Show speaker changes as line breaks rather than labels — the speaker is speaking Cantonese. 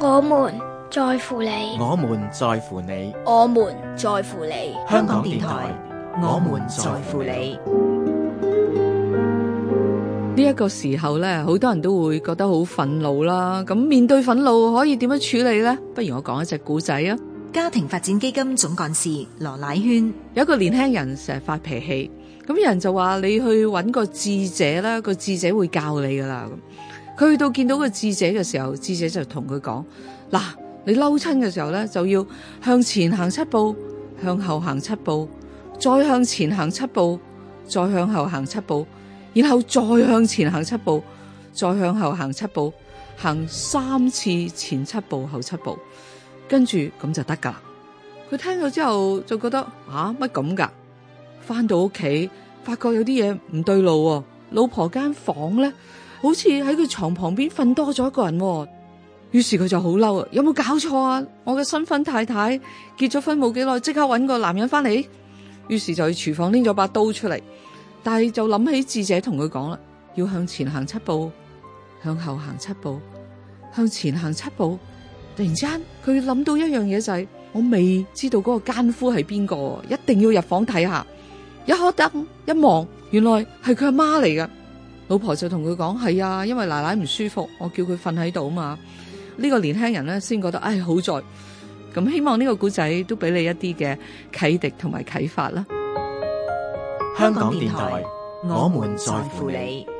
我們，我們在乎你，我們在乎你，我們在乎你。香港電台，港電台我們在乎你。呢、這、一個時候呢，好多人都會覺得好憤怒啦。咁面對憤怒可以點樣處理呢？不如我講一隻古仔啊。家庭發展基金總幹事羅乃萱，有一個年輕人成日發脾氣，咁有人就話你去揾個智者啦，那個智者會教你噶啦。佢去到見到個智者嘅時候，智者就同佢講：嗱，你嬲親嘅時候咧，就要向前行七步，向後行七步，再向前行七步，再向後行七步，然後再向前行七步，再向後行七步，行，七步行三次，前七步，後七步，跟住咁就得噶啦。佢聽到之後就覺得啊，乜咁噶？返到屋企，發覺有啲嘢唔對路喎，老婆間房咧。好似喺佢床旁邊瞓多咗一個人，於是佢就好嬲啊！有冇搞錯啊？我嘅新婚太太結咗婚冇幾耐，即刻揾個男人翻嚟，於是就去廚房拎咗把刀出嚟。但係就諗起智者同佢講啦，要向前行七步，向後行七步，向前行七步。突然之間，佢諗到一樣嘢就係，我未知道嗰個奸夫係邊個，一定要入房睇下。一開燈一望，原來係佢阿媽嚟噶。老婆就同佢講：係啊，因為奶奶唔舒服，我叫佢瞓喺度啊嘛。呢個年輕人咧，先覺得唉好在。咁希望呢個古仔都俾你一啲嘅啟迪同埋啟發啦。
香港電台，我們在乎你。